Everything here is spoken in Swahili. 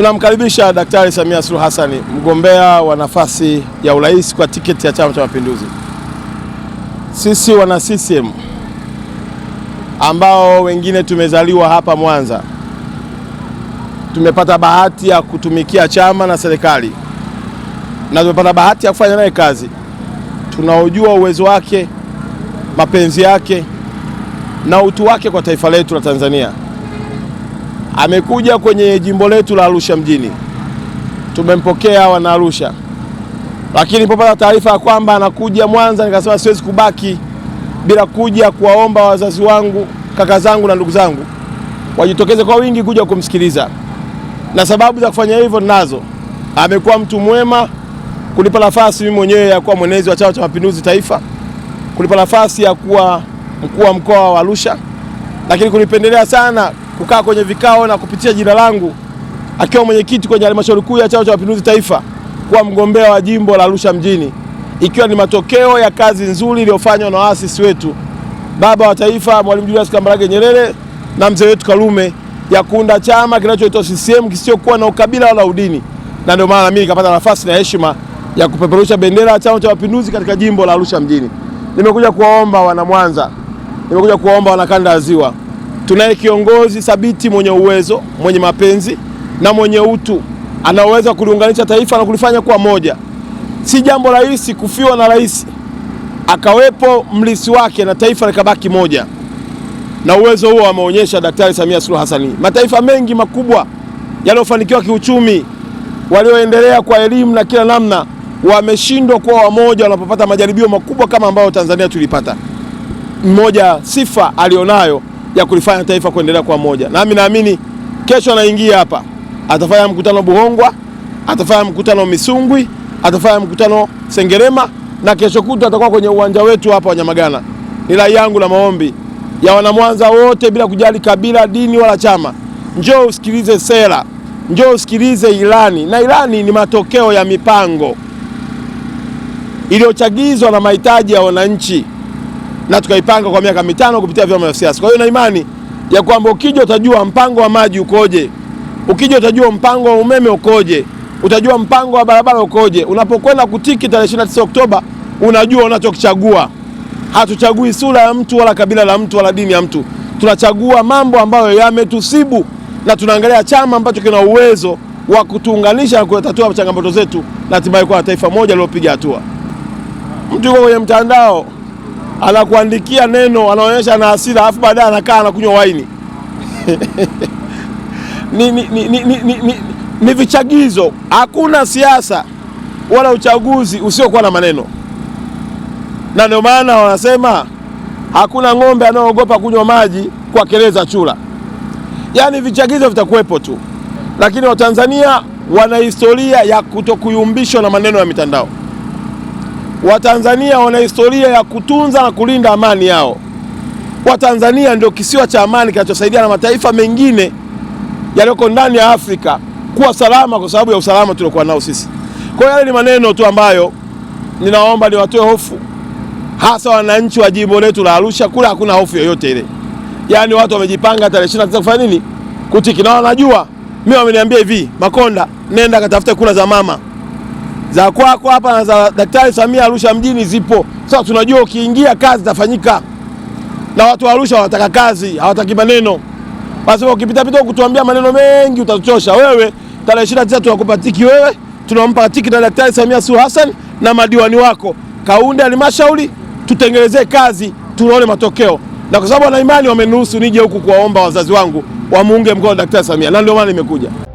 Tunamkaribisha Daktari Samia Suluhu Hassan, mgombea wa nafasi ya urais kwa tiketi ya Chama cha Mapinduzi. Sisi wana CCM ambao wengine tumezaliwa hapa Mwanza, tumepata bahati ya kutumikia chama na serikali na tumepata bahati ya kufanya naye kazi, tunaojua uwezo wake, mapenzi yake na utu wake kwa taifa letu la Tanzania amekuja kwenye jimbo letu la Arusha mjini, tumempokea wana Arusha, lakini nilipopata taarifa ya kwamba anakuja Mwanza nikasema siwezi kubaki bila kuja kuwaomba wazazi wangu, kaka zangu na ndugu zangu wajitokeze kwa wingi kuja kumsikiliza, na sababu za kufanya hivyo nazo, Amekuwa mtu mwema kunipa nafasi mimi mwenyewe ya kuwa mwenezi wa Chama cha Mapinduzi Taifa, kunipa nafasi ya kuwa mkuu wa mkoa wa Arusha, lakini kunipendelea sana kukaa kwenye vikao na kupitia jina langu akiwa mwenyekiti kwenye halmashauri kuu ya Chama cha Mapinduzi Taifa kuwa mgombea wa jimbo la Arusha mjini, ikiwa ni matokeo ya kazi nzuri iliyofanywa na waasisi wetu baba wa taifa Mwalimu Julius Kambarage Nyerere na mzee wetu Karume ya kuunda chama kinachoitwa CCM kisichokuwa na ukabila wala udini, na ndio maana mimi nikapata nafasi na heshima ya kupeperusha bendera ya Chama cha Mapinduzi katika jimbo la Arusha mjini. Nimekuja kuwaomba wana Mwanza, nimekuja kuwaomba wana kanda ya Ziwa Tunaye kiongozi thabiti mwenye uwezo, mwenye mapenzi na mwenye utu, anaweza kuliunganisha taifa na kulifanya kuwa moja. Si jambo rahisi kufiwa na rais akawepo mlisi wake na taifa likabaki moja, na uwezo huo ameonyesha Daktari Samia Suluhu Hassan. Mataifa mengi makubwa yaliyofanikiwa kiuchumi, walioendelea kwa elimu na kila namna, wameshindwa kuwa wamoja wanapopata majaribio makubwa kama ambayo Tanzania tulipata. Mmoja sifa alionayo ya kulifanya taifa kuendelea kwa moja. Nami naamini kesho anaingia hapa, atafanya mkutano Buhongwa, atafanya mkutano Misungwi, atafanya mkutano Sengerema na kesho kutu atakuwa kwenye uwanja wetu hapa wa Nyamagana. Ni rai yangu na maombi ya wanamwanza wote bila kujali kabila, dini wala chama, njoo usikilize sera, njoo usikilize ilani, na ilani ni matokeo ya mipango iliyochagizwa na mahitaji ya wananchi na tukaipanga kwa miaka mitano kupitia vyama vya siasa. Kwa hiyo na imani ya kwamba ukija utajua mpango wa maji ukoje, ukija utajua mpango wa umeme ukoje, utajua mpango wa barabara ukoje. Unapokwenda kutiki tarehe 29 Oktoba unajua unachokichagua. Hatuchagui sura ya mtu wala kabila la mtu wala dini ya mtu, tunachagua mambo ambayo yametusibu na tunaangalia chama ambacho kina uwezo wa kutuunganisha na kutatua changamoto zetu na hatimaye kuwa na taifa moja lilopiga hatua. Mtu yuko kwenye mtandao anakuandikia neno, anaonyesha na hasira, alafu baadaye anakaa anakunywa waini ni, ni, ni, ni, ni, ni, ni vichagizo. Hakuna siasa wala uchaguzi usiokuwa na maneno, na ndio maana wanasema hakuna ng'ombe anayeogopa kunywa maji kwa kelele za chura. Yaani vichagizo vitakuwepo tu, lakini Watanzania wana historia ya kutokuyumbishwa na maneno ya mitandao. Watanzania wana historia ya kutunza na kulinda amani yao. Watanzania ndio kisiwa cha amani kinachosaidia na mataifa mengine yaliyoko ndani ya Afrika kuwa salama kwa sababu ya usalama tuliokuwa nao sisi. Kwa hiyo yale ni maneno tu ambayo ninaomba niwatoe hofu, hasa wananchi wa jimbo letu la Arusha. Kule hakuna hofu yoyote ile, yaani watu wamejipanga tarehe 29 kufanya nini? Kutiki, na wanajua. Mimi wameniambia hivi, Makonda, nenda katafute kura za mama za kwako hapa na za Daktari Samia Arusha mjini zipo. Sasa tunajua ukiingia kazi zitafanyika, na watu wa Arusha wanataka kazi, hawataki maneno. Basi pita kutuambia maneno mengi utatuchosha wewe. Tarehe 29 tunakupa tiki wewe, tunampa tiki na Daktari Samia Suluhu Hassan na madiwani wako, kaunde halmashauri, tutengenezee kazi, tunaone matokeo. Na kwa sababu wana imani wameniruhusu nije huku kuwaomba wazazi wangu wamuunge mkono Daktari Samia, na ndio maana nimekuja.